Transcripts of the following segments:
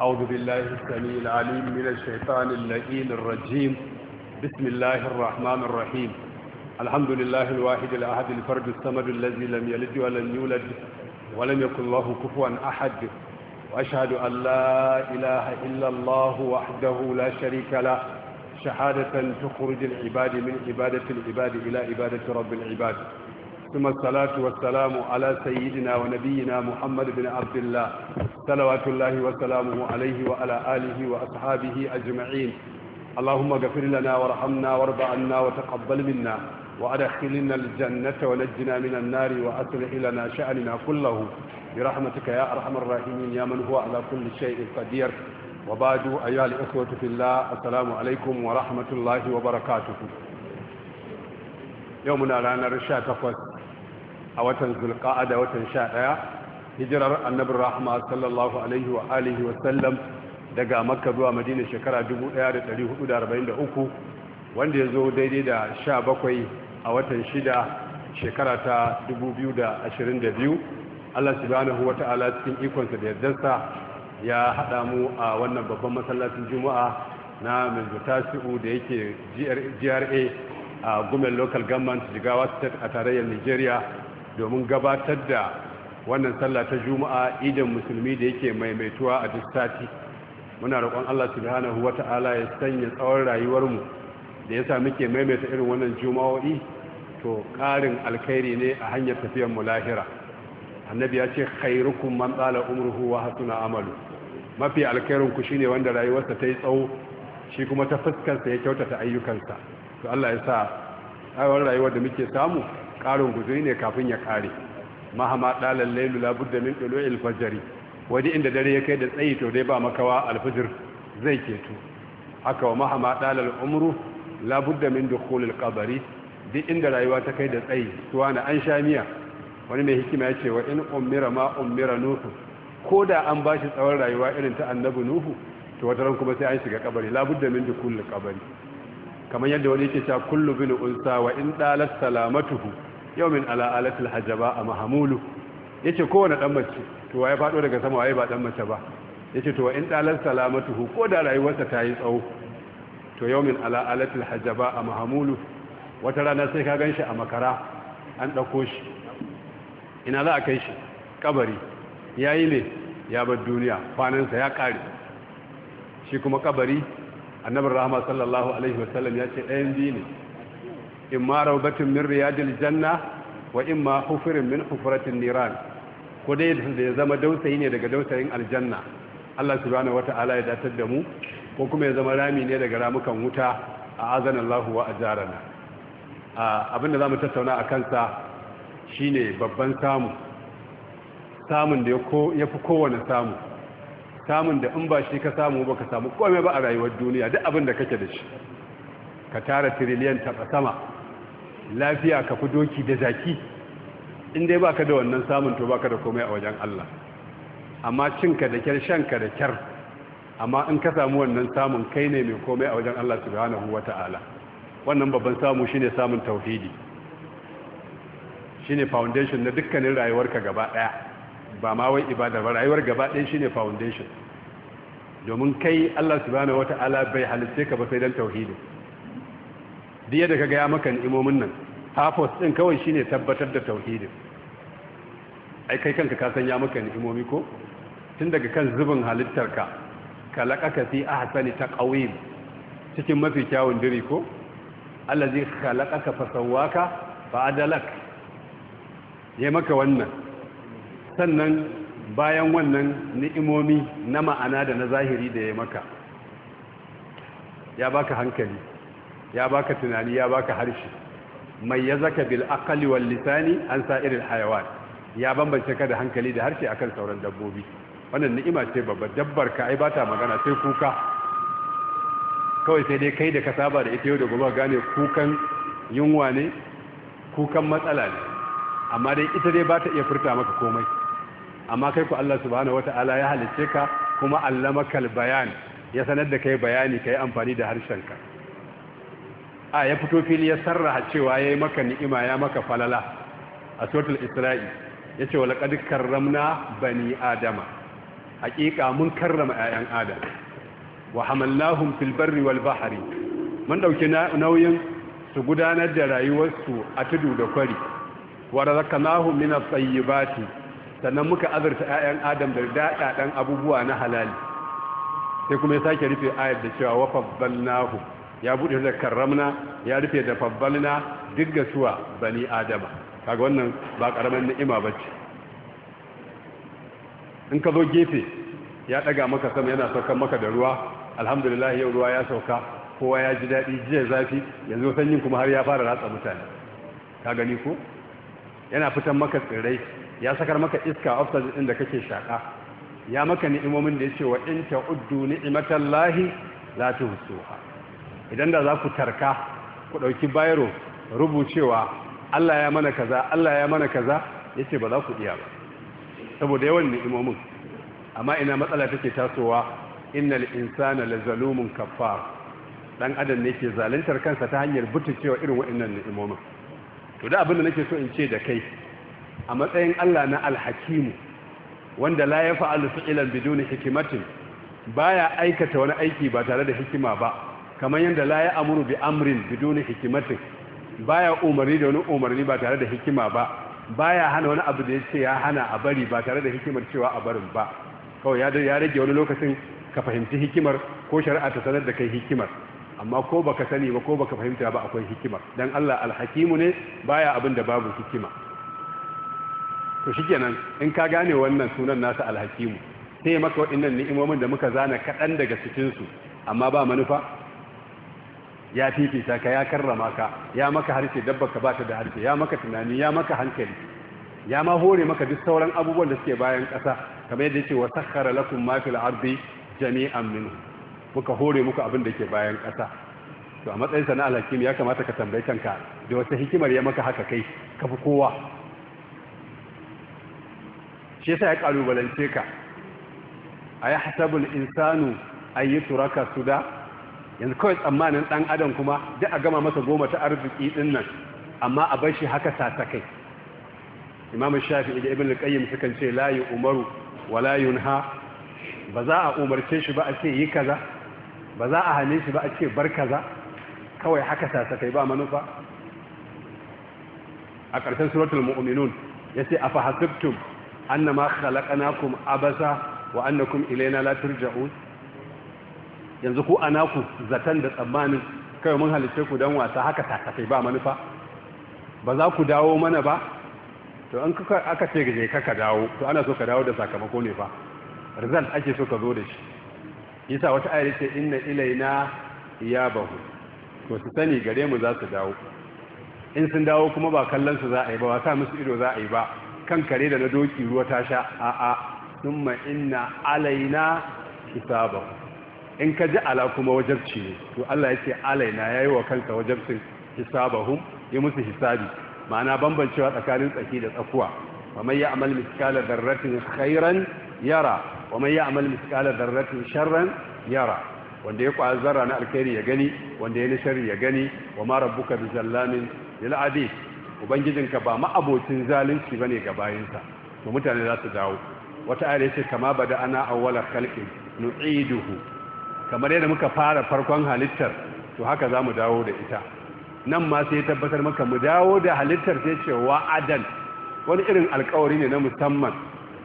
أعوذ بالله السميع العليم من الشيطان اللئيم الرجيم بسم الله الرحمن الرحيم الحمد لله الواحد الأحد الفرد الصمد الذي لم يلد ولم يولد ولم يكن له كفوا أحد وأشهد أن لا إله إلا الله وحده لا شريك له شهادة تخرج العباد من عبادة العباد إلى عبادة رب العباد ثم الصلاة والسلام على سيدنا ونبينا محمد بن عبد الله صلوات الله وسلامه عليه وعلى آله وأصحابه أجمعين اللهم اغفر لنا وارحمنا وارض عنا وتقبل منا وأدخلنا الجنة ونجنا من النار وأصلح لنا شأننا كله برحمتك يا أرحم الراحمين يا من هو على كل شيء قدير وبعد أيها الإخوة في الله السلام عليكم ورحمة الله وبركاته يومنا لنا رشاة فوت a watan zulqa'ada watan sha ɗaya, hijirar annabi rahma sallallahu alaihi wa alihi wa sallam daga makka zuwa madina shekara 1443 wanda ya zo daidai da 17 a watan shida, shekara ta 2022 Allah subhanahu wa ta'ala cikin ikonsa da yardarsa ya haɗa mu a wannan babban masallacin juma'a na minzutasi'u da yake gra a gumen local government jigawa state a tarayyar nigeria domin gabatar da wannan sallah ta juma'a idan musulmi da yake maimaituwa a duk sati muna roƙon Allah subhanahu wata'ala ya sanya tsawon rayuwarmu da ya sa muke maimaita irin wannan juma'o'i to ƙarin alkhairi ne a hanyar tafiyar mu lahira annabi ya ce khairukum man tsala umruhu wa hasuna amalu mafi alkhairin ku shine wanda rayuwarsa ta yi tsawo shi kuma ta fuskarsa ya kyautata ayyukansa to Allah ya sa tsawon rayuwar da muke samu ƙarin guzuri ne kafin ya kare mahama dalal lailu la min tulu'il wani inda dare ya kai da tsayi to dai ba makawa alfajir zai ketu haka wa mahama dalal umru la min dukhulil qabri duk inda rayuwa ta kai da tsayi tuwa na an sha miya wani mai hikima ya ce wa in ummira ma ummira nuhu ko da an ba shi tsawon rayuwa irin ta annabi nuhu to wata ran kuma sai an shiga kabari labudda min dukhulil kabari kamar yadda wani yake cewa kullu bin unsa wa in dalat salamatuhu yawmin ala alatil hajaba a mahamulu yace kowane dan mace to waye fado daga sama waye ba dan mace ba yace to in dalal salamatuhu ko da rayuwarsa ta yi tsawo to yawmin ala hajaba a mahamulu wata rana sai ka ganshi a makara an dauko shi ina za a kai shi kabari yayi ne ya bar duniya kwanansa ya kare shi kuma kabari annabi rahama sallallahu alaihi wasallam ya ce ɗayan biyu ne in ma raubatin min riyadil janna wa in ma hufirin min hufratin niran ko dai da ya zama dausayi ne daga dausayin aljanna Allah subhanahu wata'ala ya datar da mu ko kuma ya zama rami ne daga ramukan wuta a azanallahu wa ajarana abinda zamu tattauna a kansa shine babban samu samun da ya fi kowane samu samun da in ba shi ka samu ba ka samu komai ba a rayuwar duniya duk abin da kake da shi ka tara tiriliyan taba sama lafiya ka fi doki da zaki in dai baka da wannan samun to baka da komai a wajen Allah amma cinka da kyar shanka da kyar amma in ka samu wannan samun kai ne mai komai a wajen Allah subhanahu ta'ala wannan babban samu shine samun tauhidi shine foundation na dukkanin rayuwarka gaba daya ba ma wai ibada ba rayuwar gaba daya shine foundation domin kai Allah subhanahu ta'ala bai halitta ka ba sai dan tauhidin Jiya da ka gaya maka ni'imomin nan hafos ɗin kawai shi ne tabbatar da tauhidin ai kai kanka ka san ya maka ni'imomi ko tun daga kan zubin halittarka laƙaka fi ta taqwim cikin mafi kyawun diri ko Allah allazi khalaqaka a fa'adalak ya maka wannan sannan bayan wannan ni'imomi na ma'ana da na zahiri da ya maka ya baka hankali ya baka tunani ya baka harshe mai ya zaka bil aqli wal lisani an irin hayawan ya bambance ka da hankali da harshe akan sauran dabbobi wannan ni'ima ce babbar dabbar ka ai bata magana sai kuka kawai sai dai kai da ka saba da ita yau da gobe gane kukan yunwa ne kukan matsala ne amma dai ita dai bata iya furta maka komai amma kai ku Allah subhanahu wata'ala ya halicce ka kuma allamakal bayan ya sanar da kai bayani kai amfani da harshen ka. a ya fito fili ya sarraha cewa ya yi maka ni'ima ya maka falala a Isra'il. isra'i ce wa laqad karramna bani adama haƙiƙa mun karrama 'ya'yan adam wa hamalnahum fil wal bahari mun ɗauki nauyin su gudanar da rayuwarsu a tudu da kwari wa razaqnahum min at-tayyibati sannan muka azurta 'ya'yan adam da dadadan abubuwa na halali sai kuma ya sake rufe ayar da cewa wa nahu. ya buɗe da karramna ya rufe da fabbalna duk ga suwa bani adama kaga wannan ba ƙaramin ni'ima bace in ka zo gefe ya ɗaga maka sama yana saukan maka da ruwa alhamdulillah yau ruwa ya sauka kowa ya ji daɗi jiya zafi yanzu sanyin kuma har ya fara ratsa mutane ka gani ko yana fitan maka tsirrai ya sakar maka iska oxygen din da kake shaka ya maka ni'imomin da yace wa in ta'uddu ni'matallahi la tuhsuha idan da za ku tarka ku ɗauki bayro rubucewa Allah ya mana kaza Allah ya mana kaza ya ce ba za ku iya ba saboda yawan ni'imomin amma ina matsala take tasowa innal insana lazalumun kaffar dan adam ne ke zaluntar kansa ta hanyar butucewa irin waɗannan ni'imomin to da abin da nake so in ce da kai a matsayin Allah na alhakimu wanda la ya fa'alu fi'lan biduni hikmatin baya aikata wani aiki ba tare da hikima ba kamar yadda la ya amuru bi amrin biduni hikimatin baya umarni da wani umarni ba tare da hikima ba baya hana wani abu da ya ce ya hana a bari ba tare da hikimar cewa a barin ba kawai ya rage wani lokacin ka fahimci hikimar ko shari'a ta sanar da kai hikimar amma ko baka sani ba ko baka fahimta ba akwai hikimar dan Allah alhakimu ne baya abin da babu hikima to shikenan in ka gane wannan sunan nasa alhakimu sai maka waɗannan ni'imomin da muka zana kaɗan daga cikinsu amma ba manufa ya fifita ka ya karrama ka ya maka harshe dabba ka bata da harshe ya maka tunani ya maka hankali ya ma hore maka duk sauran abubuwan da suke bayan ƙasa kamar yadda yake wa sakhara lakum ma fil ardi jami'an minhu muka hore muku abin da ke bayan ƙasa to a matsayin sana alhakim ya kamata ka tambayi kanka da wata hikimar ya maka haka kai ka fi kowa shi yasa ya kalubalance ka a yi hasabul insanu ayi yi turaka suda yanzu kawai tsammanin ɗan adam kuma duk a gama masa goma ta arziki ɗin nan amma a bar shi haka sasakai imamu shafi da ibn al-qayyim ce la umaru wa la yunha ba za a umarce shi ba a ce yi kaza ba za a hane shi ba a ce bar kaza kawai haka sasakai ba manufa a ƙarshen suratul mu'minun yace afa hasibtum annama khalaqnakum abasa wa annakum ilayna la turja'un yanzu ko ana ku zaton da tsammanin kai mun halitta ku dan wasa haka takafai ba manufa ba za ku dawo mana ba to an aka ce gaje ka dawo to ana so ka dawo da sakamako ne fa result ake so ka zo da shi yasa wata ayar ce inna ilaina iyabahu to su sani gare mu za su dawo in sun dawo kuma ba kallon su za a yi ba wasa musu ido za a yi ba kan kare da na doki ruwa ta sha a'a thumma inna alaina hisabahu in ka ji ala kuma wajabci ne to Allah ya ce alaina yi wa kansa wajabcin hisabahum ya musu hisabi ma'ana bambancewa tsakanin tsaki da tsakuwa wa man ya'mal mithqala dharratin khairan yara wa man ya'mal mithqala dharratin sharran yara wanda ya kwa zarra na alkhairi ya gani wanda ya na sharri ya gani wa ma rabbuka bizallamin lil abid ubangijinka ba ma'abocin zalunci bane ga bayinsa to mutane za su dawo wata ayar ce kama bada ana awwala khalqin nu'iduhu kamar yadda muka fara farkon halittar to haka za mu dawo da ita nan ma sai tabbatar maka mu dawo da halittar sai ce adan wani irin alkawari ne na musamman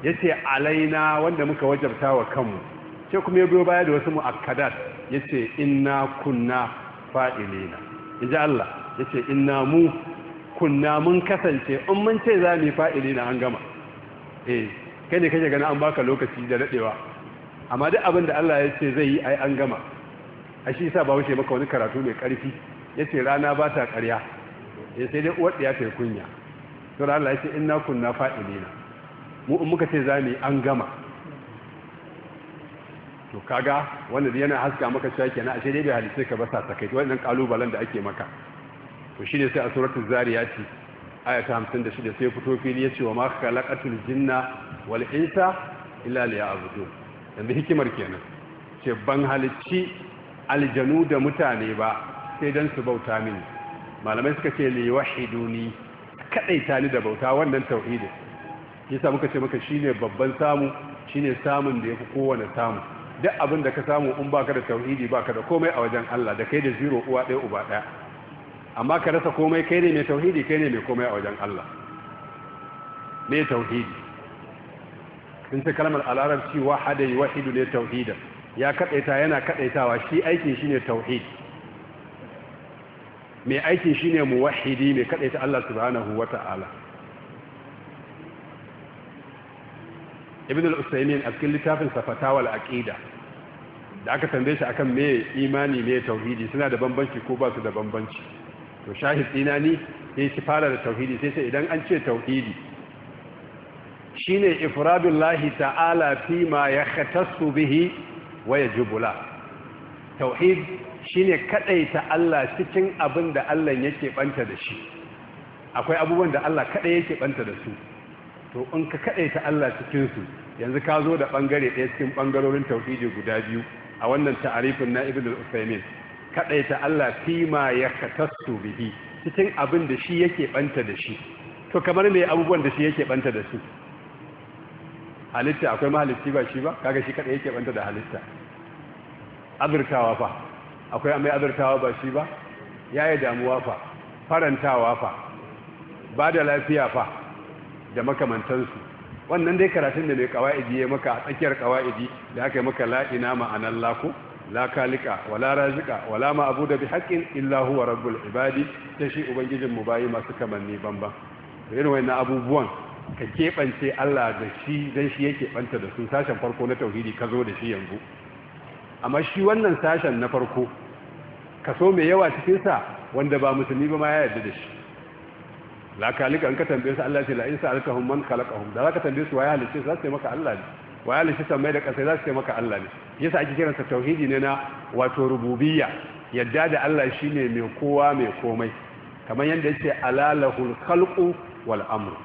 ya ce alaina wanda muka wajabta wa kanmu ce kuma ya biyo baya da wasu mu'akkadat ya ce inna kunna fa'ilina in ji Allah ya ce inna mu kunna mun kasance in mun ce za mu yi fa'ilina an gama eh kai ne kake gani an baka lokaci da daɗewa amma duk abin da Allah ya ce zai yi ai an gama a shi sa ba wuce maka wani karatu mai karfi ya ce rana ba ta karya ya eh, sai dai uwar ya ta kunya to Allah ya ce na kunna fa'ilina mu in muka ce za mu yi an gama to kaga wanda yana haska maka cewa kenan ashe dai bai halice ka ba sa sakai to wannan kalubalen da ake maka to shine sai a suratul zariyati aya ta 56 sai fito fili ya ce wa ma khalaqatul jinna wal insa illa liya'budun yanzu hikimar kenan ce ban halicci aljanu da mutane ba sai don su bauta mini malamai suka ce li wahiduni ta ni da bauta wannan tauhidin yasa muka ce maka shine babban samu shine samun da ya fi kowane samu duk abin da ka samu in baka da tauhidi baka da komai a wajen Allah da kai da zero uwa ɗaya uba ɗaya amma ka rasa komai kai ne mai tauhidi kai ne mai komai a wajen Allah ne tauhidi In ce kalmar al'arabci wahada yuwahidu ne tauhidan ya kadaita yana kadaitawa shi aikin ne tauhid mai aikin mu muwahhidi mai kadaita Allah subhanahu ibn al-usaymin a cikin littafin safatawal aqida da aka tambaye shi akan me imani mai tauhidi suna da bambanci ko ba su da bambanci to shahid dina ni sai shi fara da tauhidi sai sai idan an ce tauhidi shine ifrabillahi ta'ala fi ma ya yahtassu bihi wa yajibu la tauhid shine kadaita Allah cikin abin da Allah yake banta da shi akwai abubuwan da Allah kadai yake banta da su to in ka kadaita Allah cikinsu, yanzu ka zo da ɓangare ɗaya cikin ɓangarorin tauhidi guda biyu a wannan ta'arifin na ibn al-usaymin kadaita Allah fi ma ya katastu bihi cikin abin da shi yake banta da shi to kamar ne abubuwan da shi yake banta da su halitta akwai mahalicci ba shi ba kaga shi kada yake banta da halitta azurtawa fa akwai mai azurtawa ba shi ba yayi damuwa fa farantawa fa ba da lafiya fa da su wannan dai karatun da mai kawa'idi ya maka a tsakiyar kawa'idi da aka yi maka la'ina ma'anan lako la kalika wala razika wala ma abu da bi haƙƙin illa huwa rabbul ibadi ta shi ubangijin mu bayi masu kamanni banban irin wayannan abubuwan ka keɓance Allah da shi don shi ya keɓanta da su sashen farko na tauhidi ka zo da shi yanzu amma shi wannan sashen na farko kaso mai yawa cikinsa wanda ba musulmi ba ma ya yarda da shi la kalika an ka tambaye su Allah ce la in sa'alkahum man khalaqahum da zaka tambaye su waye halice su za su maka Allah ne waye halice su mai da kasai za su maka Allah ne yasa ake kiransa tauhidi ne na wato rububiyya yadda da Allah shine mai kowa mai komai kamar yadda yake alalahul khalqu wal amru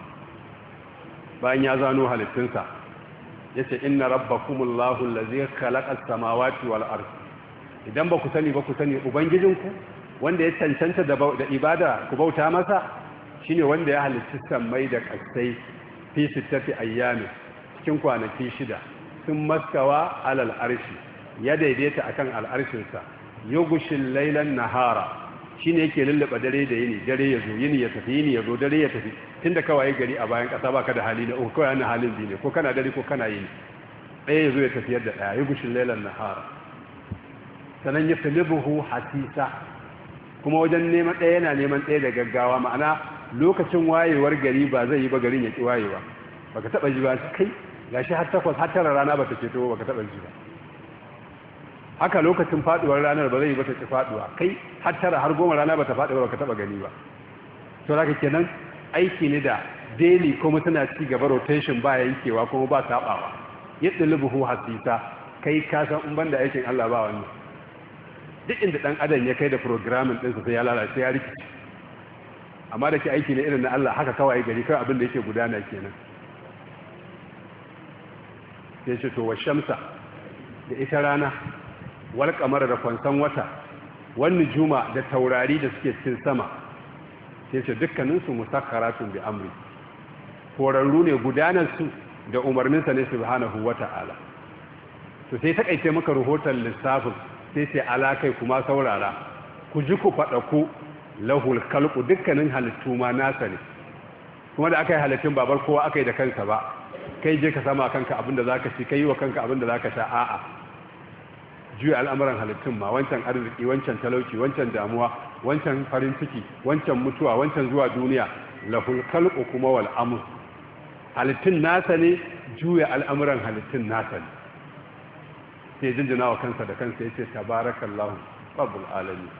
bayan ya zano halittunsa ya ce inna rabbakumullahu allazi khalaqa as-samawati wal idan ba ku sani ba ku sani ubangijinku wanda ya cancanta da ibada ku bauta masa shine wanda ya halitta sammai da kasai fi sittati ayyami cikin kwanaki shida sun maskawa alal ya daidaita a kan al'arshinsa yughshil lailan nahara ne yake lullaba dare da yini dare ya zo yini ya tafi yini ya zo dare ya tafi tun da kawai gari a bayan kasa ka da hali na uku kawai ana halin biyu ne ko kana dare ko kana yini ɗaya ya zo ya tafiyar da ɗaya ya gushin lailan hara sanan ya talibuhu hatisa kuma wajen neman ɗaya yana neman ɗaya da gaggawa ma'ana lokacin wayewar gari ba zai yi ba garin ya ƙi wayewa baka taɓa ji ba kai gashi har takwas har tara rana ba ta ceto baka taɓa ji ba haka lokacin faduwar ranar ba zai ba ta ci faduwa kai har tara har goma rana ba ta faɗi ba ka taɓa gani ba to zaka kenan aiki ne da daily kuma tana ci gaba rotation ba yankewa kuma ba saɓawa yadda ɗulubuhu hasisa kai ka san in banda aikin Allah ba wani duk inda ɗan adam ya kai da programming ɗinsa sai ya lalace ya rikici amma da ke aiki ne irin na Allah haka kawai gari kawai abin da yake gudana kenan sai ce to wa shamsa da ita rana wal kamar da kwansan wata wani juma da taurari da suke cikin sama sai ce dukkaninsu musakkaratun bi amri horarru ne gudanarsu da umarninsa ne subhanahu wa ta'ala to sai ta kaice maka rahoton lissafin sai sai alakai kuma saurara ku ji ku faɗa ku lahul kalku dukkanin halittu ma nasa ne kuma da aka yi halittun babar kowa aka yi da kansa ba kai je ka sama kanka abin da ka ci kai yi wa kanka abin da sha a'a juya al'amuran halittun ma wancan arziki wancan talauci wancan damuwa wancan farin ciki wancan mutuwa wancan zuwa duniya lahul khalqu kuma wal amr halittun nasa ne juya al'amuran halittun nasa ne sai jinjina wa kansa da kansa yace tabarakallahu rabbul alamin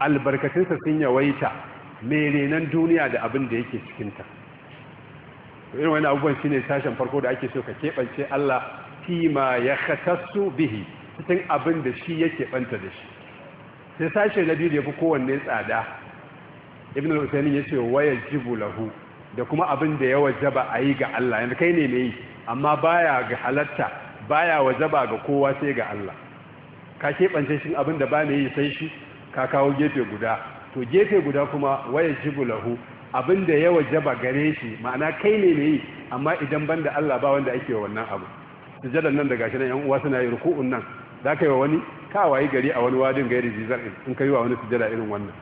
albarkatunsa sun yawaita renan duniya da abin da yake cikinta irin wani abubuwan shine sashen farko da ake so ka keɓance Allah ma ya khatassu bihi cikin abin da shi yake banta da shi sai sashe na biyu da ya fi kowanne tsada ibn al ya ce waya jibu lahu da kuma abin da ya wajaba a yi ga Allah yanzu kai ne mai amma baya ga halatta baya wajaba ga kowa sai ga Allah ka keɓance shi abin da ba ne yi sai shi ka kawo gefe guda to gefe guda kuma waya jibu lahu abin da ya wajaba gare shi ma'ana kai ne yi? amma idan ban Allah ba wanda ake wannan abu sujadar nan da gashi nan yan uwa suna yi ruku'un nan za ka yi wa wani wayi gari a wani wadin gairi jizar in ka yi wa wani sujada irin wannan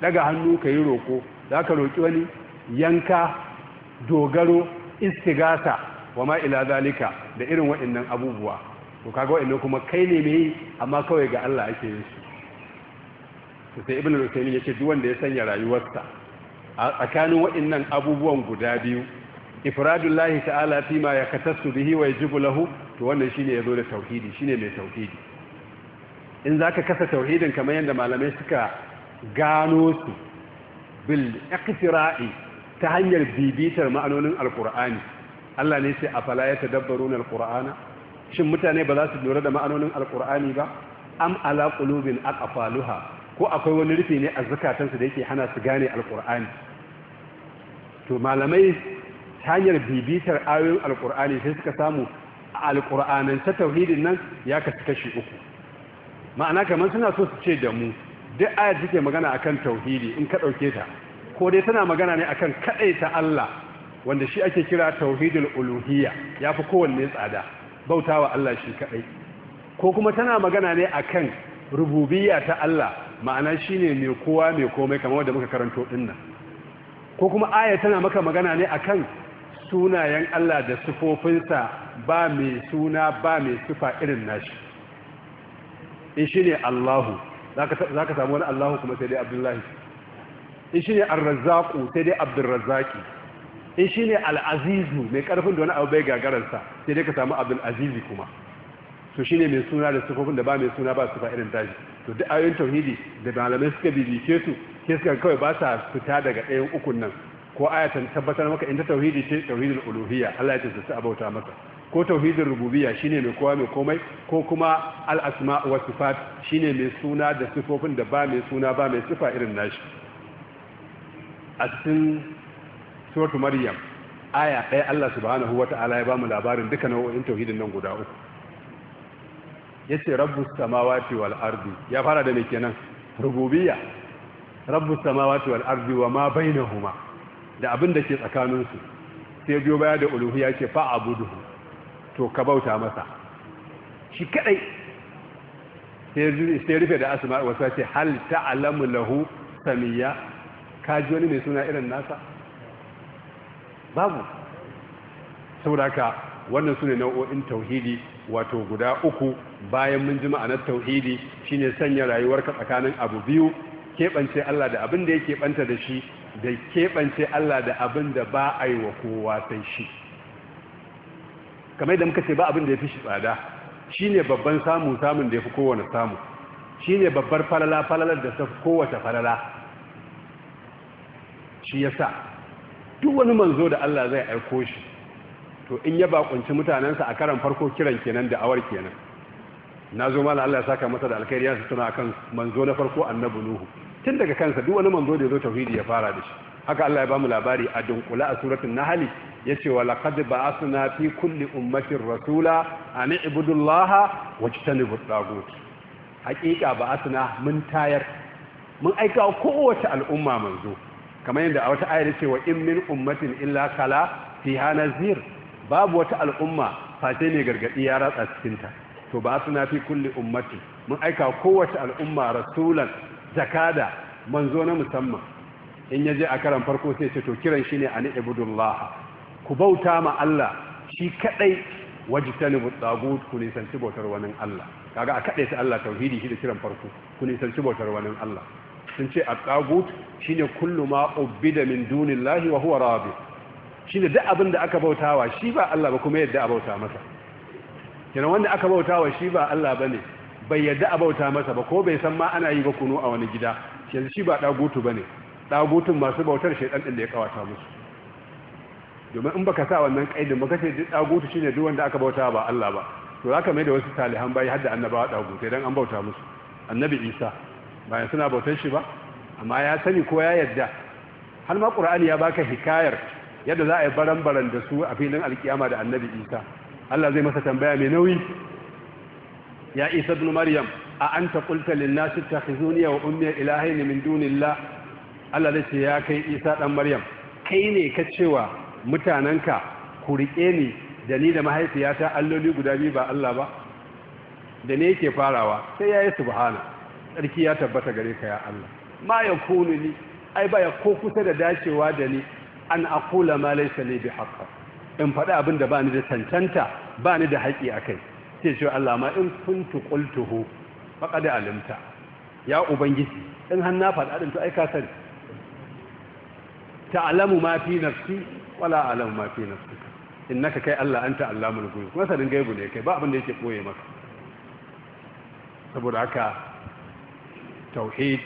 daga hannu ka yi roƙo za ka roƙi wani yanka dogaro istigasa wa ma ila zalika da irin waɗannan abubuwa to kaga waɗannan kuma kai ne mai amma kawai ga Allah ake yin su to sai ibnu rusaymin yace duk wanda ya sanya rayuwarsa a tsakanin waɗannan abubuwan guda biyu ifradullahi ta'ala fi ma yakatasu bihi wa yajibu lahu to wannan shine yazo da tauhidi shine mai tauhidi in zaka kasa tauhidin kamar yanda malamai suka gano su bil iqtira'i ta hanyar bibitar ma'anonin alqur'ani Allah ne sai afala ya tadabbaruna alqur'ana shin mutane ba za su lura da ma'anonin alqur'ani ba am ala qulubin aqfaluha ko akwai wani rufi ne a zakatansu da yake hana su gane alqur'ani to malamai ta hanyar bibitar ayoyin alqur'ani sai suka samu alƙur'anin ta tauhidin nan ya kasu kashi uku ma'ana kamar suna so su ce da mu duk ayar suke magana a kan tauhidi in ka ɗauke ta ko dai tana magana ne a kaɗai ta Allah wanda shi ake kira tauhidin uluhiyya ya fi kowanne tsada bautawa Allah shi kaɗai ko kuma tana magana ne a kan rububiyya ta Allah ma'ana shi ne mai kowa mai komai kamar wanda muka karanto ɗin nan ko kuma aya tana maka magana ne a kan. sunayen Allah da sufofinsa ba mai suna ba mai sufa irin nashi in shi ne Allahu za ka samu wani Allahu kuma sai dai Abdullahi in shi ne arrazzaku sai dai Abdullrazaki in shi ne al'azizu mai ƙarfin da wani abu bai gagararsa sai dai ka samu Abdulazizi kuma to shi ne mai suna da sufofin da ba mai suna ba su irin daji to duk ayoyin tauhidi da malamai suka bibice su ke suka kawai ba sa fita daga ɗayan ukun nan ko ayatan tabbatar maka inda tauhidi ce tauhidul uluhiyya Allah ya tsaya abauta maka ko tauhidul rububiyya shine mai kowa mai komai ko kuma al asma wa sifat shine mai suna da sifofin da ba mai suna ba mai sifa irin nashi a cikin suratu maryam aya ɗaya Allah subhanahu wata'ala ya bamu labarin duka nau'o'in tauhidin nan guda uku yace rabbus samawati wal ardi ya fara da me kenan rububiyya rabbus samawati wal ardi wa ma bainahuma da abin da ke tsakaninsu sai biyo baya da ya ce fa abuduhu to ka bauta masa shi kadai sai rufe da asma wasu ce hal ta'lamu lahu samiya ka ji wani mai suna irin nasa babu sauraka wannan su ne nau'o'in tauhidi wato guda uku bayan mun ji na tauhidi shine sanya rayuwarka tsakanin abu biyu keɓance Allah da abin da ya keɓanta da shi da keɓance Allah da abin da ba a yi wa kowa sai shi kamar da muka ce ba abin da ya fi shi tsada shi ne babban samu samun da ya fi kowane samu shi ne babbar falala falalar da ta kowace falala shi ya sa duk wani manzo da Allah zai aiko shi to in ya bakunci mutanensa a karan farko kiran kenan da awar kenan na zo na Allah ya saka masa da alkhairi ya su tuna kan manzo na farko annabi nuhu tun daga kansa duk wani manzo da ya zo tauhidi ya fara da shi haka Allah ya bamu labari a dunkula a suratul nahl yace wa laqad ba'athna fi kulli ummatin rasula an ibudu llaha wajtanibu at-taghut haqiqa ba'athna mun tayar mun aika kowace al'umma manzo kamar yadda a wata ayar yace wa in min ummatin illa kala fiha nazir babu wata al'umma face ne gargadi ya ratsa cikin ta to ba'athna fi kulli ummatin mun aika kowace al'umma rasulan jakada manzo na musamman in yaje a karan farko sai ce to kiran shine an ibudullah ku bauta ma Allah shi kadai wajtani butagut ku nisanci bautar wani Allah kaga a kadai sai Allah tauhidi shi da kiran farko ku nisanci bautar wani Allah sun ce at-tagut shine kullu ma ubida min dunillahi wa huwa rabi shine duk abin da aka bautawa shi ba Allah ba kuma yadda a bauta masa kina wanda aka bautawa shi ba Allah bane bai yadda a bauta masa ba ko bai san ma ana yi ba kunu a wani gida yanzu shi ba ɗagutu ba ne ɗagutun masu bautar shaidan ɗin da ya kawata musu domin in baka sa wannan ƙaidin ba kace ɗagutu shine duk wanda aka bauta ba Allah ba to za ka mai da wasu talihan bayi har da annabawa ɗagutu idan an bauta musu annabi Isa bayan suna bautar shi ba amma ya sani ko ya yadda har ma Qur'ani ya baka hikayar yadda za a yi baran-baran da su a filin alkiyama da annabi Isa Allah zai masa tambaya mai nauyi ya isa ibn maryam a ta qulta lin nas ittakhizuni wa ummi ilahayn min dunillah Allah zai ce ya kai isa dan maryam kai ne ka cewa mutanenka ku ne ni da ni da mahaifiyata alloli guda biyu ba Allah ba da ne yake farawa sai yayi subhana sarki ya tabbata gare ka ya Allah ma yakunu ni ai baya ko kusa da dacewa da ni an akula ma ne bi bihaqqi in faɗi abin da ba ni da tantanta ba ni da haƙi a kai sai shi Allah ma in kuntu qultuhu faqad alimta ya ubangiji in har na din to ai ka sani ta'lamu ma fi nafsi wala a'lamu ma fi nafsi innaka kai Allah anta allamul ghuyub kuma sanin gaibu ne kai ba abin da yake koye maka saboda haka tauhid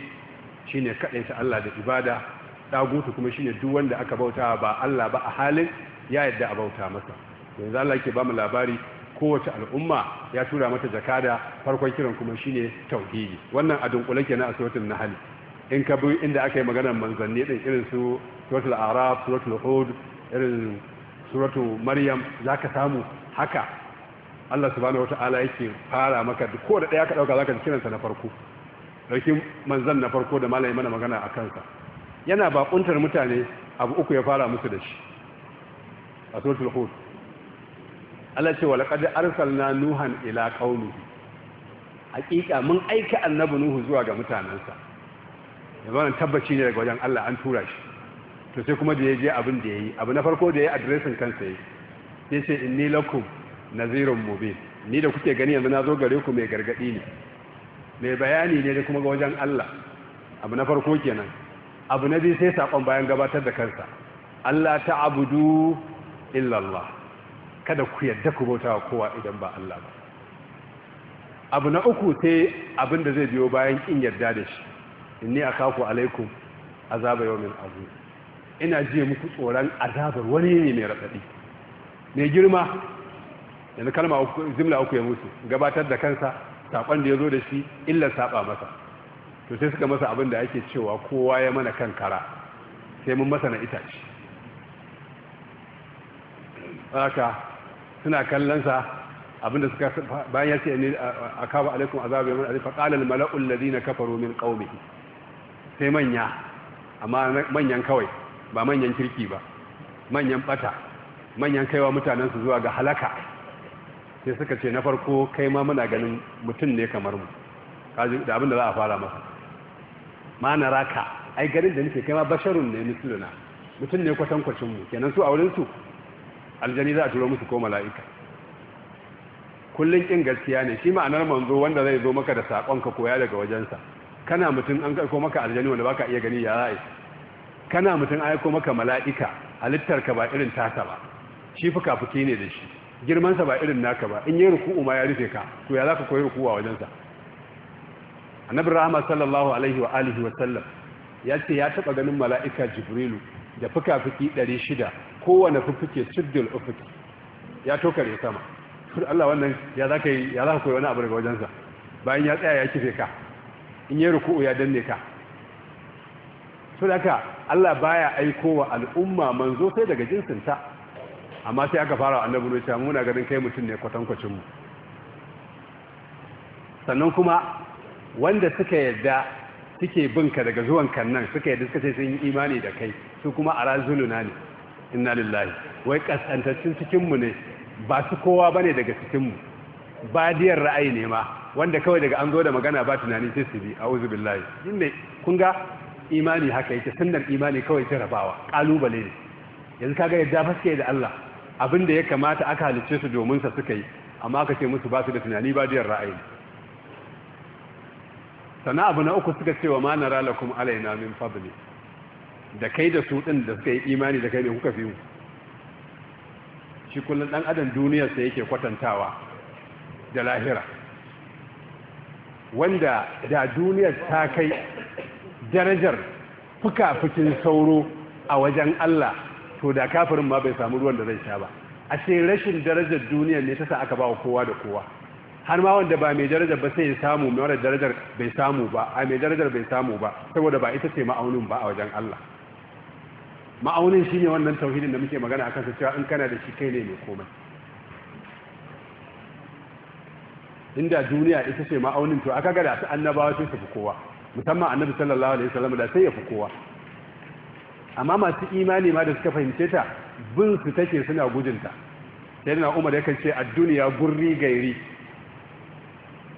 shine ta Allah da ibada dagutu kuma shine duk wanda aka bauta ba Allah ba a halin ya yadda a bauta masa yanzu Allah yake ba mu labari kowace al'umma ya tura mata jakada farkon kiran kuma shine tauhidi wannan a dunkule kenan a suratul nahl in ka bi inda aka yi maganar manzanni din irin su suratul araf suratul hud irin suratul maryam zaka samu haka Allah subhanahu wataala yake fara maka duk ko da ka dauka zaka ji kiransa na farko dauki manzan na farko da malami mana magana a kansa yana bakuntar mutane abu uku ya fara musu da shi a suratul hud Allah ce wa laqad arsalna nuhan ila ƙaunu hakika mun aika annabi nuhu zuwa ga mutanansa yaban tabbaci ne daga wajen Allah an tura shi to sai kuma da ya je abin da yi abu na farko da yi addressing kansa yayi sai ce inni lakum nazirun mubin ni da kuke gani yanzu na zo gare ku mai gargadi ne mai bayani ne da kuma ga wajen Allah abu na farko kenan abu na biyu sai saƙon bayan gabatar da kansa Allah ta abudu illallah. kada ku yadda ku bauta wa kowa idan ba Allah ba abu na uku sai abin da zai biyo bayan in yarda da shi inni akafu alaikum azaba yawmin azim ina ji muku tsoron azabar wani ne mai radadi mai girma yanzu kalma uku zimla uku ya musu gabatar da kansa sakon da yazo da shi illa saba masa to sai suka masa abin da ake cewa kowa ya mana kan kara sai mun masa na itace haka suna kallonsa abinda suka bayan ya ce ne a kawo alaikun azabu yamma alifa ƙalal mala'ul ladina kafaru min ƙaube sai manya amma manyan kawai ba manyan kirki ba manyan bata manyan kaiwa mutanensu zuwa ga halaka sai suka ce na farko kai ma muna ganin mutum ne kamar mu kaji da abinda za a fara masa ma na raka ai garin da nufi kai ma basharun ne misluna mutum ne kwatankwacinmu kenan su a wurinsu. aljani za a turo musu ko mala'ika kullum kin gaskiya ne shi ma'anar manzo wanda zai zo maka da sakon ka koya daga wajensa kana mutum an aiko maka aljani wanda baka iya gani ya ra'i kana mutum an aiko maka mala'ika halittar ka ba irin tasa ba shi fuka-fuki ne da shi girmansa ba irin naka ba in yi ruku'u ma ya rufe ka to ya za ka koyi ruku'u a wajensa annabi rahama sallallahu alaihi wa alihi wa sallam ya ce ya taba ganin mala'ika jibrilu da ɗari shida. kowane fuffuke siddul ufuki ya tokare sama Allah wannan ya za yi ya za koyi wani abu daga wajensa bayan ya tsaya ya kife ka in yi ruku'u ya danne ka su da Allah baya aiko wa al'umma manzo sai daga jinsinta amma sai aka fara annabi ne cewa muna ganin kai mutum ne kwatankwacin mu sannan kuma wanda suka yadda suke binka daga zuwan kannan suka yadda suka ce sun yi imani da kai su kuma arazuluna ne inna lillahi wai kasantaccin cikinmu ne ba su kowa bane daga cikinmu badiyar ra'ayi ne ma wanda kawai daga an zo da magana ba tunani sai su bi a'udhu billahi ne kun ga imani haka yake sunnar imani kawai rabawa kalubale ne yanzu kaga yadda faske da Allah abin da ya kamata aka halice su domin sa suka yi amma aka ce musu ba su da tunani badiyar ra'ayi sana abu na uku suka ce wa ma nara lakum alaina min fadli da kai da su ɗin da suka yi imani da kai ne kuka fi shi kullum ɗan adam sa yake kwatantawa da lahira wanda da duniyar ta kai darajar fuka-fukin sauro a wajen Allah to da kafirin ma bai samu ruwan da zai sha ba a ce rashin darajar duniya ne ta sa aka ba wa kowa da kowa har ma wanda ba mai darajar ba sai ya samu mai darajar bai samu ba a mai darajar bai samu ba saboda ba ita ce ma'aunin ba a wajen Allah ma'aunin shine wannan tauhidin da muke magana a sa cewa in kana da shi kai ne mai komai inda duniya ita ce ma'aunin to aka gada su annabawa sai su fi kowa musamman annabi sallallahu alaihi wasallam da sai ya fi kowa amma masu imani ma da suka fahimce ta bin su take suna gujinta sai na umar yakan ce a duniya gurri gairi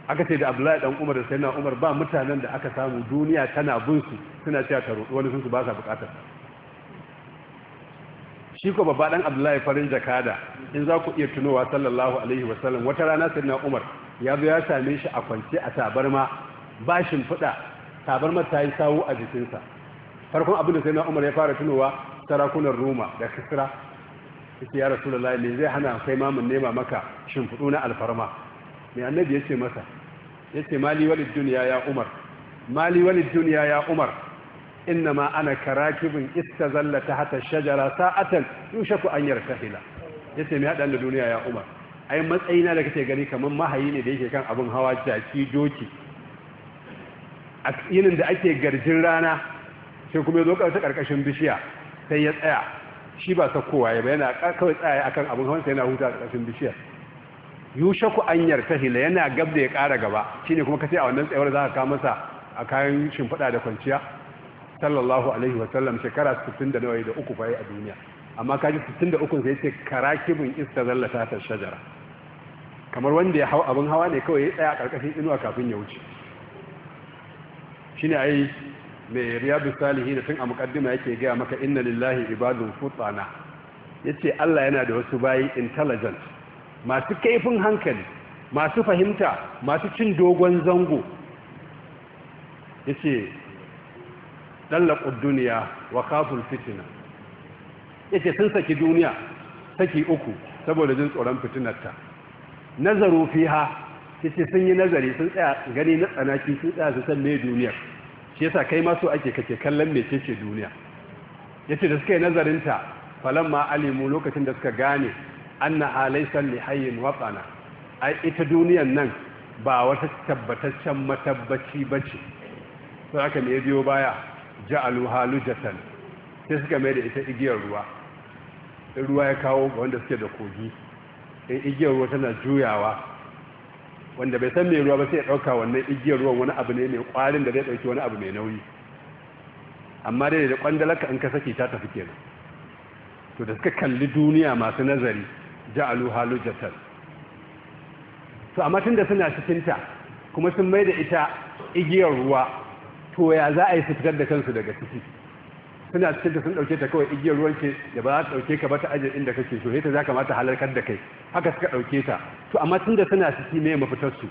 aka ce da abdullahi dan umar da sai na umar ba mutanen da aka samu duniya tana bin su suna cewa ta roƙi wani sun su ba sa buƙatar shi ko babba dan abdullahi farin jakada in za ku iya tunowa sallallahu alaihi wasallam wata rana sayyidina umar ya zo ya same shi a kwance a tabarma bashin fuda tabarma ta yi sawo a jikinsa farkon abin da sayyidina umar ya fara tunowa sarakunan roma da kisra yake ya rasulullahi me zai hana kai ma mun nema maka shimfiɗu na alfarma mai annabi ya ce masa ya ce mali walid duniya ya umar mali walid duniya ya umar innama ana karakibin istazalla ta hata shajara sa'atan yushaku an ya yace mai hadan da duniya ya umar ai matsayina da kake gani kamar mahayi ne da yake kan abin hawa jaki doki a yinin da ake garjin rana sai kuma ta karkashin bishiya sai ya tsaya shi ba kowa ya ba yana kawai tsaya akan abin hawan sai yana huta ƙarƙashin bishiya yushaku ta hila yana gab da ya kara gaba shine kuma kace a wannan tsayawar za ka masa a kayan shimfiɗa da kwanciya sallallahu alaihi wasallam shekara 63 da uku a duniya amma kaji 63 sai ce iska zallata ta shajara kamar wanda ya hau abin hawa ne kawai ya tsaya a karkashin inuwa kafin ya wuce shine ai mai riyadu salihi da tun a mukaddima yake gaya maka inna lillahi ibadun futsana yace Allah yana da wasu bayi intelligent masu kaifin hankali masu fahimta masu cin dogon zango yace dallaqu duniya wa fitina? fitna yace sun saki duniya saki uku saboda jin tsoron fitinarta nazaru fiha yace sun yi nazari sun tsaya gani na tsanaki sun tsaya su san me duniya shi yasa kai ma so ake kake kallon mai mecece duniya yace da suka yi nazarin ta falamma alimu lokacin da suka gane Anna, laysa li hayyin watana ai ita duniyan nan ba wata tabbataccen matabbaci bace sai aka me biyo baya ja'alu halujatan sai suka mai da ita igiyar ruwa in ruwa ya kawo ga wanda suke da kogi in igiyar ruwa tana juyawa wanda bai san mai ruwa ba sai ya ɗauka wannan igiyar ruwan wani abu ne mai ƙwarin da zai ɗauki wani abu mai nauyi amma dai da ƙwandalaka in ka saki ta tafi kenan to da suka kalli duniya masu nazari ja'alu halujatan to amma da suna cikinta kuma sun mai da ita igiyar ruwa to ya za a yi fitar da kansu daga ciki suna cikin da sun dauke ta kawai igiyar ruwan ce da ba za ta dauke ka ba ta ajiyar inda kake so ta za ka mata halarkar da kai haka suka dauke ta to amma tun da suna ciki mai mafitar su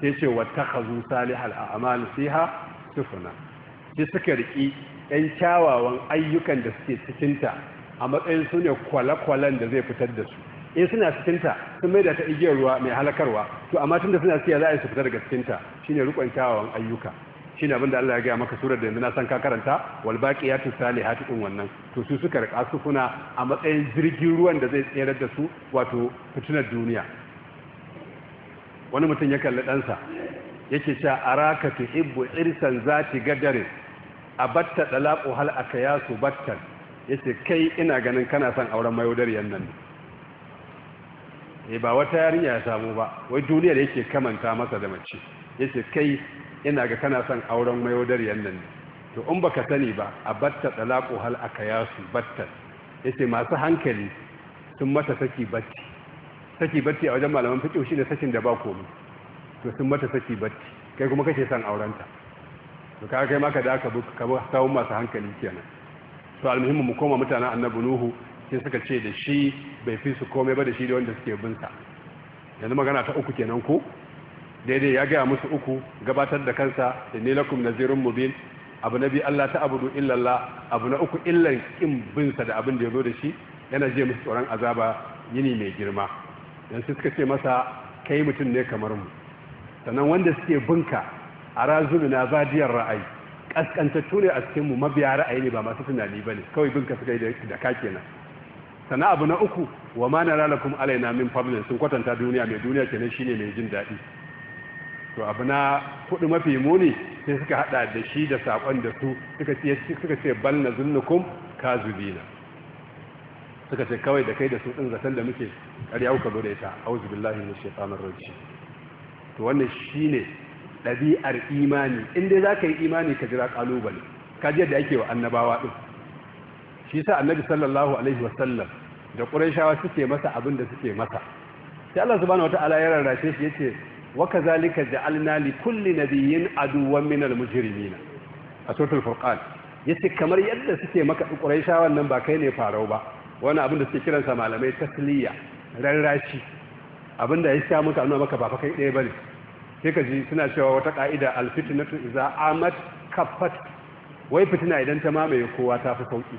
sai ce wata hazu salihal a amalu siha sufuna sai suka riƙi yan kyawawan ayyukan da suke cikinta a matsayin su ne kwale-kwalen da zai fitar da su in suna cikinta sun mai da ta igiyar ruwa mai halakarwa to amma tun da suna cikin za a yi su fitar daga cikinta shine rikon kyawawan ayyuka shi ne abinda Allah ya gaya maka surar da yanzu na san ka karanta walbaki ya sali salihatu din wannan to su suka rika su a matsayin jirgin ruwan da zai tsere da su wato fitinar duniya wani mutum ya kalli ɗansa yake cewa araka tuhibbu irsan zati gadare abatta dalaqu hal akayasu battal yace kai ina ganin kana son auren mayaudariyar nan ne eh, ba wata yarinya ya samu ba wai duniyar yake kamanta masa da mace yace kai ina ga kana son auren mayaudariyar nan ne to in baka sani ba a batta talaku hal aka yasu batta yace masu hankali sun mata saki batti saki batti a wajen malaman fiqh shine sakin da ba komai to sun mata saki batti kai kuma kake son aurenta to ka kai maka da aka ka bi sawun masu hankali kenan to almuhimmi mu koma mutanen annabi nuhu sai suka ce da shi bai fi su komai ba da shi da wanda suke bin sa yanzu magana ta uku kenan ko daidai ya gaya musu uku gabatar da kansa da ne lakum nazirun mubin abu na biyu Allah ta abudu illallah abu na uku illan kin binsa da abin da ya zo da shi yana je musu tsoron azaba yini mai girma dan su suka ce masa kai mutum ne kamar mu sannan wanda suke binka a na zadiyar ra'ayi kaskantattu ne a cikin mu mabiya ra'ayi ne ba masu tunani bane kawai binka suka yi da ka kenan sana abu na uku wa ma nara lakum alaina min fadlin sun kwatanta duniya mai duniya kenan shine mai jin daɗi to abu na hudu mafi muni sai suka hada da shi da sakon da su suka ce suka zunukun bal nazunnukum kazubina suka ce kawai da kai da su din zaton da muke karyar ka zo da ita auzu billahi na shaitanir Roci. to wannan shine ɗabi'ar imani in dai za ka yi imani ka jira ƙalubale ka jiyar da ake wa annabawa ɗin shi sa annabi sallallahu alaihi wasallam da ƙurashawa suke masa abin da suke masa sai Allah subhanahu wa ta'ala ya rarrashe shi yace waka zalika ja'alna li kulli nabiyyin aduwwan min al-mujrimina a furqan yace kamar yadda suke maka quraisha wannan ba kai ne farau ba wani abin da suke kiran sa malamai tasliya rarrashi abin da ya sha muta nuna maka ba fa kai ɗaya bane sai ka ji suna cewa wata ka'ida al-fitnatu idza amat kaffat wai fitina idan ta mamaye kowa ta fi sauki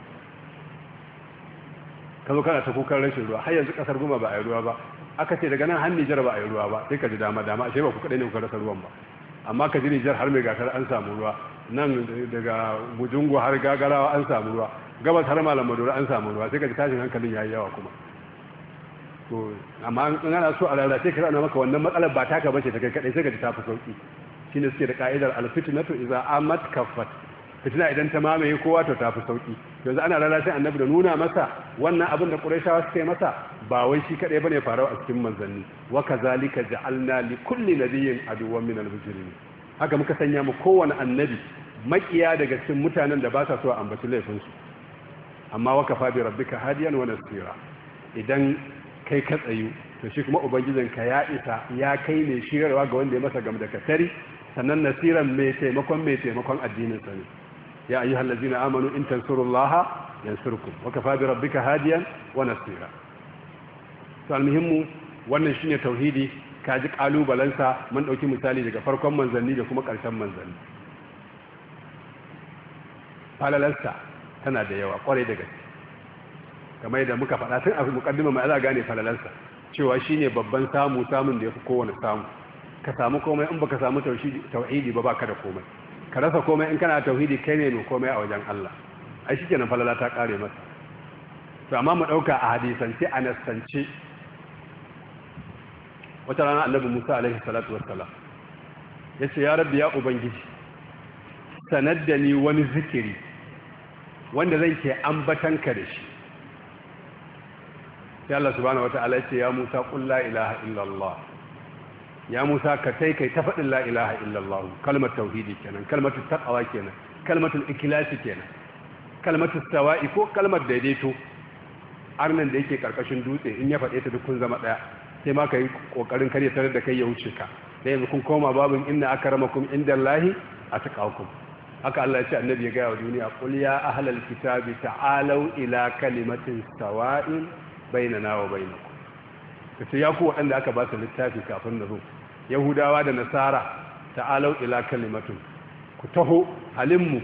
ka kana ta kukan rashin ruwa har yanzu kasar goma ba a yi ruwa ba aka ce daga nan har Nijar ba a yi ruwa ba sai ka ji dama dama ashe ba ku kaɗai ne kuka rasa ruwan ba amma ka ji Nijar har mai gasar an samu ruwa nan daga Bujungu har Gagarawa an samu ruwa gabas har Malam Madura an samu ruwa sai ka ji tashin hankalin yayi yawa kuma to amma in ana so a lalace ka ana maka wannan matsalar ba taka bace ta kai kaɗai sai ka ji ta fi sauki shine suke da ka'idar alfitnatu idza amat kaffat fitina idan ta mamaye kowa ta tafi sauki yanzu ana lalacin annabi da nuna masa wannan abin da quraishawa suka yi masa ba wai shi kaɗai bane faru a cikin manzanni wa kazalika ja'alna li kulli nabiyyin aduwwan min al-mujrimin haka muka sanya mu kowane annabi makiya daga cikin mutanen da ba sa so a ambaci laifinsu su amma wa kafa bi rabbika hadiyan wa nasira idan kai ka tsayu to shi kuma ubangijinka ya isa ya kai ne shirarwa ga wanda ya masa gamda katari sannan nasiran mai taimakon mai taimakon addinin sa ya ayyuhal ladzina amanu in tansurullaha yansurkum wa kafa bi rabbika hadiyan wa nasira to almuhimmu wannan shine tauhidi kaji kalubalansa mun dauki misali daga farkon manzanni da kuma karshen manzanni falalarsa tana da yawa kwarai da da muka faɗa tun a mukaddima mai ala gane falalarsa cewa ne babban samu samun da fi kowane samu ka samu komai in baka samu tauhidi ba baka da komai ka rasa komai in kana tauhidi kai ne mai komai a wajen Allah ai shi kenan falala ta kare masa to amma mu ɗauka a hadisance a nasance wata rana annabi musa alaihi salatu wassalam ya ce ya rabbi ya ubangiji sanar da ni wani zikiri wanda zan ke ambatanka da shi sai Allah subhanahu wata'ala ya ce ya musa qul la ilaha illallah ya musa ka tai kai ta faɗin la'ilaha illallah kalmar tauhidi kenan kalmar taqwa kenan kalmar ikhlasi kenan kalmar tawa'i ko kalmar daidaito arnan da yake karkashin dutse in ya faɗe ta duk kun zama ɗaya sai ma ka yi ƙoƙarin kar ya da kai ya wuce ka da yanzu kun koma babin inna a indallahi atqakum haka Allah ya ce annabi ya gaya wa duniya qul ya ahlal kitabi ta'alu ila kalimatin sawa'in na wa ka ce ya ku waɗanda aka ba su littafi kafin na zo yahudawa da nasara ta alau ila kalimatun ku taho halinmu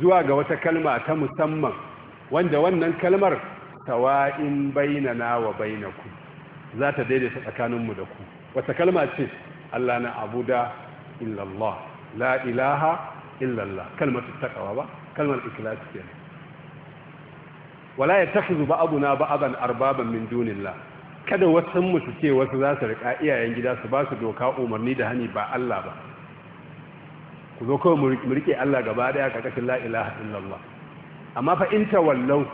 zuwa ga wata kalma ta musamman wanda wannan kalmar tawa'in bainana wa bainakum za ta daidaita tsakaninmu da ku wata kalma ce Allah na abuda illallah la ilaha illallah kalmatu taqwa ba kalmar ikhlas ce. wala yattakhidhu ba'duna ba'dan arbaban min dunillah kada wasan mu su ce wasu za su rika iyayen gida su ba su doka umarni da hani ba Allah ba ku zo kawai mu rike Allah gaba daya ka kashin la ilaha illallah amma fa in ta wallau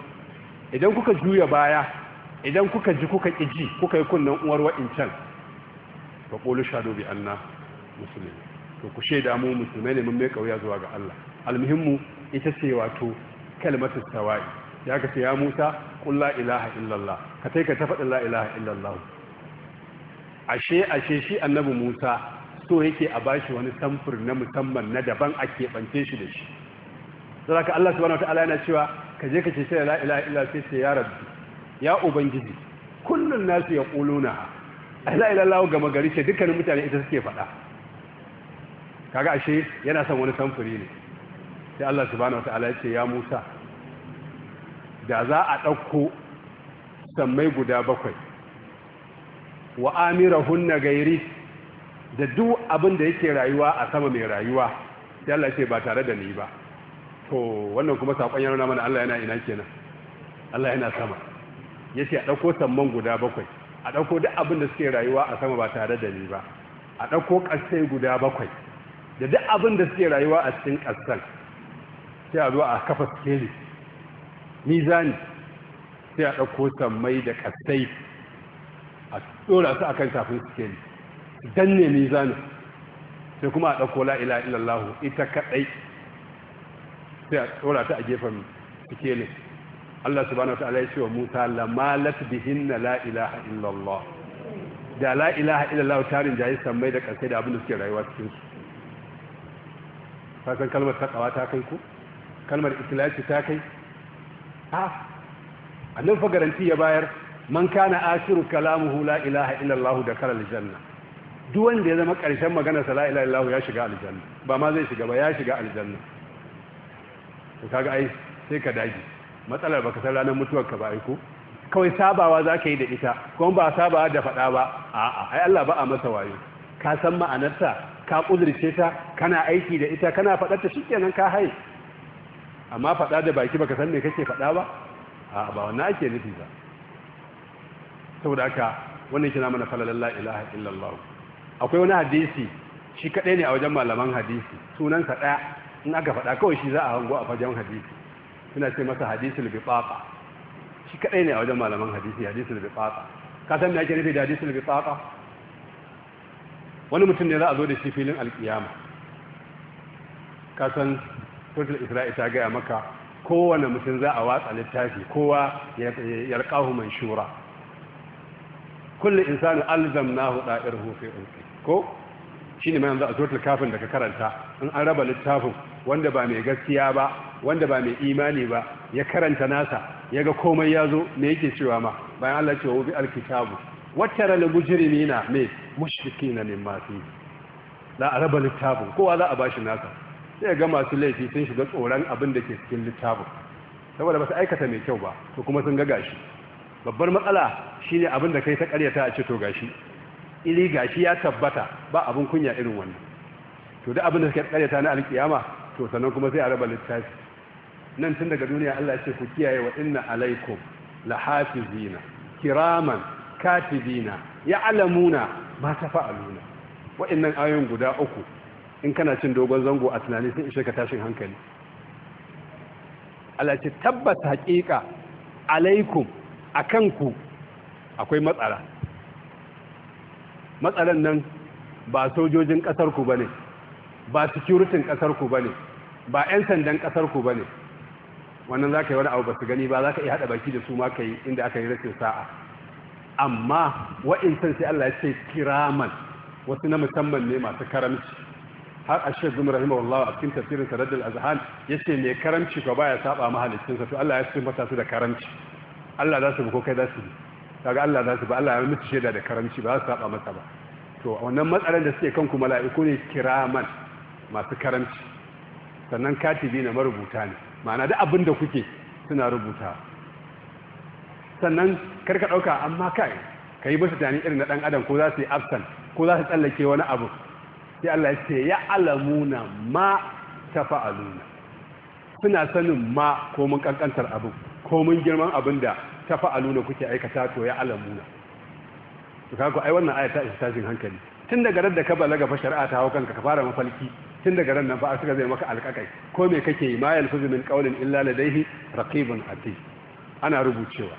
idan kuka juya baya idan kuka ji kuka kiji kuka yi kunnan uwar wa'incan fa qulu shahadu bi anna muslimin to ku shaida mu musulmai ne mun mai kauya zuwa ga Allah almuhimmu ita ce wato kalmatu tawai ya ka ce ya Musa qul la ilaha illallah ka sai ka faɗin la'ilaha illallah ashe ashe shi annabi musa so yake a bashi wani samfur na musamman na daban a keɓance shi da shi zara ka allah subhanahu ta'ala yana cewa ka je ka ce sai la'ilaha illallah sai sai ya rabbi ya ubangiji kullun nasu ya ƙuluna la'ilallahu gama gari ce dukkanin mutane ita suke faɗa kaga ashe yana son wani samfuri ne sai Allah subhanahu wataala ya ce ya Musa da za a ɗauko sammai guda bakwai wa amirahunna gairi da duk abin da yake rayuwa a sama mai rayuwa sai Allah ce ba tare da ni ba to wannan kuma sakon yana nuna mana Allah yana ina kenan Allah yana sama yace a dauko samman guda bakwai a dauko duk abin da suke rayuwa a sama ba tare da ni ba a dauko kasai guda bakwai da duk abin da suke rayuwa a cikin kasan sai a zo a kafa skeli mizani sai a ɗauko sammai da kastai a ɗora su akan tafin sikeli dan ne mizanin sai kuma a ɗauko la'ila illallahu ita kaɗai sai a ɗora ta a gefen suke sikelin Allah subhanahu ta'ala ya ce wa Musa lamalat bihinna la ilaha illallah da la ilaha illallah tarin jayi sammai da kasai da abin da suke rayuwa cikin su ka san kalmar takawa ta kai ku kalmar ikhlasi ta kai ha annan fa garanti ya bayar man kana ashiru kalamuhu la ilaha illallah da kala aljanna duk wanda ya zama karshen magana sa la ilaha illallah ya shiga aljanna ba ma zai shiga ba ya shiga aljanna to kaga ai sai ka dage matsalar baka san ranar mutuwar ka ba ai ko kawai sabawa zaka yi da ita kuma ba sabawa da fada ba a'a ai Allah ba a masa wayo ka san ma'anarta ka kudirce ta kana aiki da ita kana ta shikenan ka hai amma faɗa da baki baka san me kake fada ba ba wani ake nufi ba saboda aka wannan shi na mana falalar la’ilaha illallah akwai wani hadisi shi kaɗai ne a wajen malaman hadisi sunansa ɗaya. in aka faɗa kawai shi za a hango a fajen hadisi suna ce masa hadisul bifaqa shi kaɗai ne a wajen malaman hadisi hadisul bifaqa ka san me ake nufi da hadisul bifaqa wani mutum ne za a zo da shi filin alkiyama ka san total isra'i ta gaya maka kowane mutum za a watsa littafi kowa ya rikahu manshura kullu na alzamnahu da'irhu fi ulqi ko shine mai yanzu a total kafin da ka karanta in an raba littafin wanda ba mai gaskiya ba wanda ba mai imani ba ya karanta nasa ya ga komai yazo me yake cewa ma bayan Allah ce wa bi alkitabu rana lil na me mushrikina mimma fi a raba littafin kowa za a bashi nasa sai ga masu laifi sun shiga tsoron abin da ke cikin littafin saboda ba su aikata mai kyau ba to kuma sun ga gashi babbar matsala shine abin da kai ta karyata a ce to gashi iri gashi ya tabbata ba abin kunya irin wannan to duk abin da suka karyata na alkiyama to sannan kuma sai a raba littafi nan tun daga duniya Allah ya ce ku kiyaye wa inna alaikum lahafizina kiraman katibina ya'lamuna ma tafa'aluna wa'annan ayoyin guda uku in kana cin dogon zango a tunani sun ishe ka tashin hankali Allah ce tabbata hakika alaikum akan ku akwai matsala matsalan nan ba sojojin kasar ku ne ba securitin kasar ku ne ba 'yan sandan kasar ku ne wannan za ka yi wani abu ba su gani ba za ka iya haɗa baki da su ma ka yi inda aka yi rashin sa'a amma wa'in sai Allah ya ce kiraman wasu na musamman ne masu karamci har a shek zumar rahimahullah a cikin tafsirin saraddul azhan ya ce mai karamci ko baya saba mahalicinsa to Allah ya sifata su da karamci Allah za su bi ko kai za su bi kaga Allah za su bi Allah ya mutu shaida da karamci ba za su saba masa ba to a wannan matsalar da suke kan ku mala'iku ne kiraman masu karamci sannan katibi na marubuta ne ma'ana da abin da kuke suna rubuta sannan karka ɗauka amma kai ka yi basu tani irin na ɗan adam ko za su yi absent ko za su tsallake wani abu sai Allah ce ya alamuna ma ta fa’aluna suna sanin ma ko mun kankantar abin ko mun girman abin da ta fa’aluna kuke aikata to ya alamuna to kaga ai wannan ayata isa tashin hankali tun daga ran da ka balaga fa shari'a ta hau kanka ka fara mafalki tun daga ran nan fa suka zai maka alƙaƙai ko me kake yi ma yalfuzu min qawlin illa ladayhi raqibun atid ana rubucewa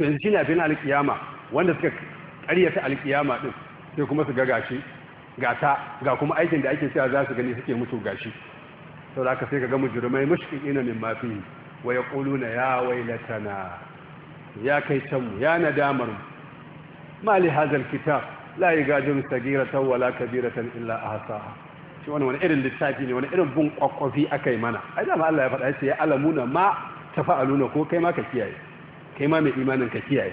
to yanzu shine bin alƙiyama wanda suka ƙaryata alkiyama din sai kuma su ga gashi ga ta ga kuma aikin da ake cewa za su gani suke mutu gashi sau da ka sai ka ga mujirmai mashkin ina min mafi wa ya ya wailatana ya kai canmu ya nadamar mali hazal kitab la yi gajin sagiratan wala kabiratan illa a hasaha shi wani wani irin littafi ne wani irin bin kwakwafi aka yi mana a dama Allah ya faɗa ya alamuna ma ta ko kai ma ka kiyaye kai ma mai imanin ka kiyaye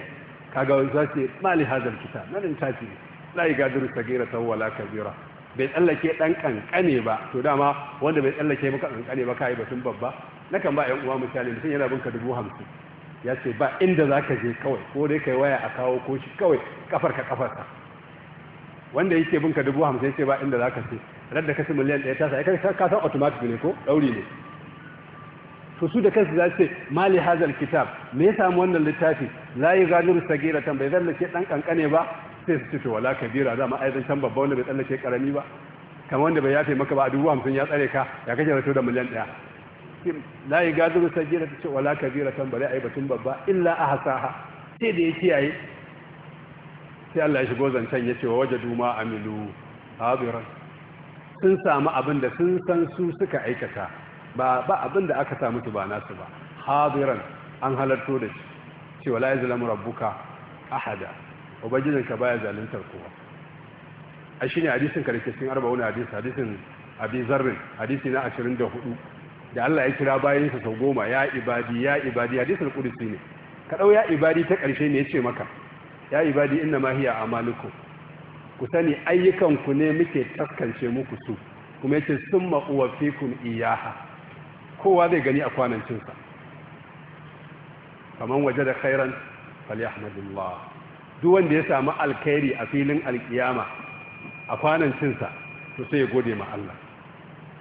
kaga wani za su yi mali hazal kitab littafi ne la sagira ta wala kabira bai tsallake dan kankane ba to dama wanda bai tsallake maka kankane ba kai batun babba na kan ba yan uwa misali mutun yana binka dubu hamsin ya ce ba inda za ka je kawai ko dai kai waya a kawo ko shi kawai kafar ka kafar ka wanda yake binka dubu hamsin ce ba inda za ka radda kasu miliyan ɗaya tasa ya kai ka san automatic ne ko dauri ne to su da kansu za su ce mali hazal kitab me ya samu wannan littafi la yi gadiru sagira tan bai zalla ce dan kankane ba sai su ce wala kabira za mu aizan can babba wanda bai tsallake karami ba kamar wanda bai yafe maka ba a dubu hamsin ya tsare ka ya kake rato da miliyan ɗaya la yi gaziru sajira ta ce wala kabira kan bari a yi batun babba illa a hasaha sai da ya kiyaye sai Allah ya shigo zancen ya ce wa waje duma amilu hadiran sun samu abin da sun san su suka aikata ba ba abin da aka samu ba nasu ba hadiran an halarto da shi ce wala yazlamu rabbuka ahada ka baya zaluntar kowa a shine hadisin karke cikin arba'un hadis hadisin abi zarrin hadisi na 24 da Allah ya kira bayan sa sau goma ya ibadi ya ibadi hadisul ne ka dau ya ibadi ta karshe ne yace maka ya ibadi inna ma hiya amalukum ku sani ayyukan ku ne muke taskance muku su kuma yace summa uwafikum iyaha kowa zai gani a kwanancin sa kaman wajada khairan falyahmadillah duk wanda ya samu alkhairi a filin alkiyama a kwanan cinsa to sai ya gode ma Allah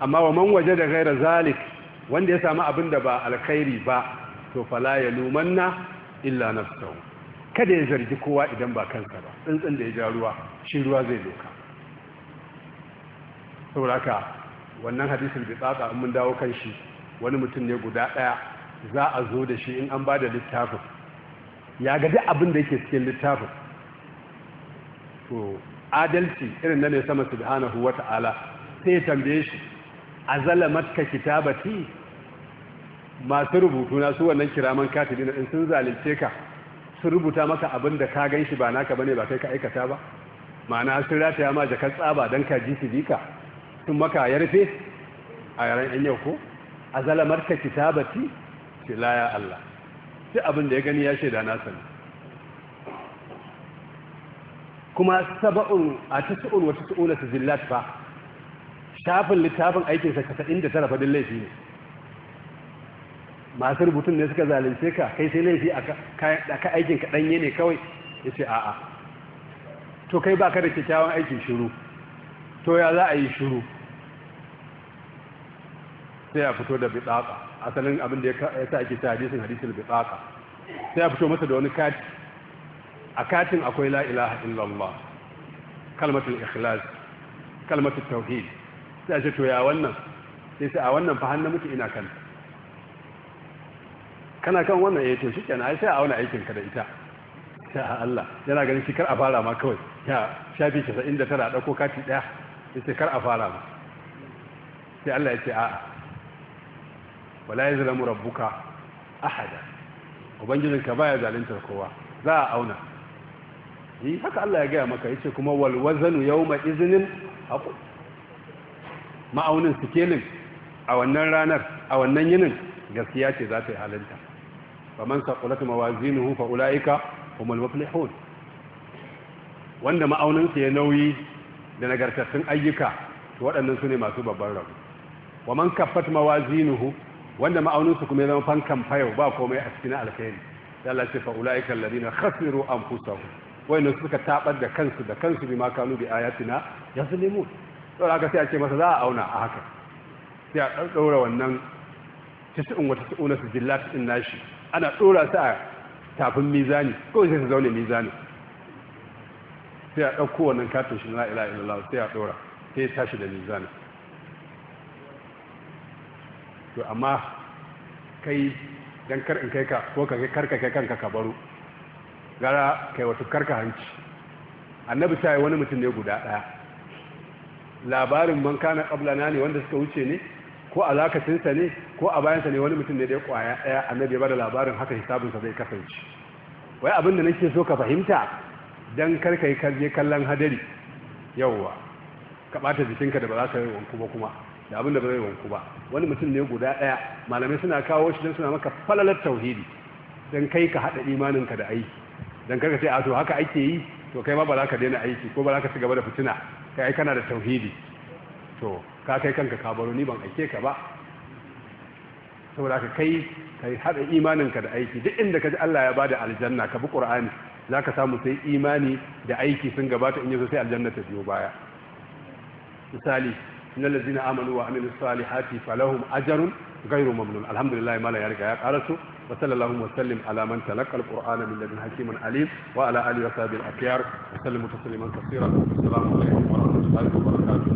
amma wa man waje da gaira zalik wanda ya samu abin da ba alkhairi ba to fala ya lumanna illa nafsahu kada ya zargi kowa idan ba kansa ba tsintsin da ya ja ruwa shi ruwa zai doka sauraka wannan hadisin bi tsaka mun dawo kan shi wani mutum ne guda daya za a zo da shi in an ba da littafin ya ga abin da yake cikin littafin to adalci irin na ne sama subhanahu wata'ala sai tambaye shi azalamatka kitabati masu rubutu na su wannan kiraman katibi in sun zalunce ka su rubuta maka abin da ka gan shi ba naka bane ba kai ka aikata ba ma'ana sun rataya ma jakar tsaba don ka ji su bika sun maka ya rufe a yaren yan yau ko azalamarka kitabati ce ya Allah sai abin da ya gani ya shaida na sani kuma saba'un a tasu'un wata su zillat fa shafin littafin aikinsa kasa'in da tara fadin laifi ne masu rubutun ne suka zalunce ka kai sai laifi a ka aikin ka ɗanye ne kawai ya ce a'a to kai ba ka da kyakkyawan aikin shiru to ya za a yi shiru sai ya fito da bidaka asalin abin da ya sa ake ta hadisin hadisin bidaka sai ya fito masa da wani kati a katin akwai la ilaha illallah kalmatul ikhlas kalmatul tauhid sai ce to ya wannan sai sai a wannan fa hannu muke ina kan kana kan wannan eh to shikenan ai sai a wani aikin ka da ita ya Allah yana ganin shi kar a fara ma kawai ya shafi 99 dauko kati daya sai kar a fara ma sai Allah ya ce a'a wala ya zalamu rabbuka ahada ubangijinka baya zaluntar kowa za a auna yi haka Allah ya gaya maka yace kuma wal wazanu yawma iznin haqu ma'aunin sikelin a wannan ranar a wannan yinin gaskiya ce za ta yi halinta faman saqulat mawazinuhu fa ulaika humul muflihun wanda ma'auninsa ya nauyi da nagartattun ayyuka to waɗannan su ne masu babban rabu wa man kaffat mawazinuhu wanda ma'auninsu kuma ya zama fankan fayau ba komai a cikin alkhairi da Allah ce fa'ula'ika ladina khasiru anfusahum wayanda suka tabar da kansu da kansu bi kanu bi ayatina yazlimun to haka sai a ce masa za a auna a haka sai a daura wannan tis'un su tis'una sijillat din nashi ana dora su a tafin mizani ko sai su zaune mizani sai a dauko wannan katin shi la ilaha illallah sai a dora sai tashi da mizani to amma kai don kar in kai ka ko ka karka kai kanka ka baro gara kai wato karka hanci annabi ta yi wani mutum ne guda ɗaya labarin man kana na ne wanda suka wuce ne ko a lakacinsa ne ko a bayansa ne wani mutum ne da ya kwaya ɗaya annabi ya bada labarin haka sa zai kasance wai abin da nake so ka fahimta don karka yi kallon hadari yauwa ka ɓata jikinka da ba za ka yi wanku ba kuma da abin da ba zai wanku ba wani mutum ne guda ɗaya malamai suna kawo shi don suna maka falalar tauhidi don kai ka haɗa imaninka da aiki don karka ce a to haka ake yi to kai ma ba za ka daina aiki ko ba za ka ci gaba da fitina kai ai kana da tauhidi to ka kai kanka ka ni ban aike ka ba saboda ka kai kai haɗa imaninka da aiki duk inda ka ji Allah ya bada aljanna ka bi Qur'ani zaka samu sai imani da aiki sun gabata in yazo sai aljanna ta biyo baya misali na lazina amanu wa salihati falahum ajarun gairu mamnun alhamdulillah mala ya riga ya karasu wa sallallahu wa sallim ala man talaqa min hakimin alim wa ala alihi wa sahbihi al-akhyar wa sallimu tasliman assalamu alaikum wa rahmatullahi wa barakatuh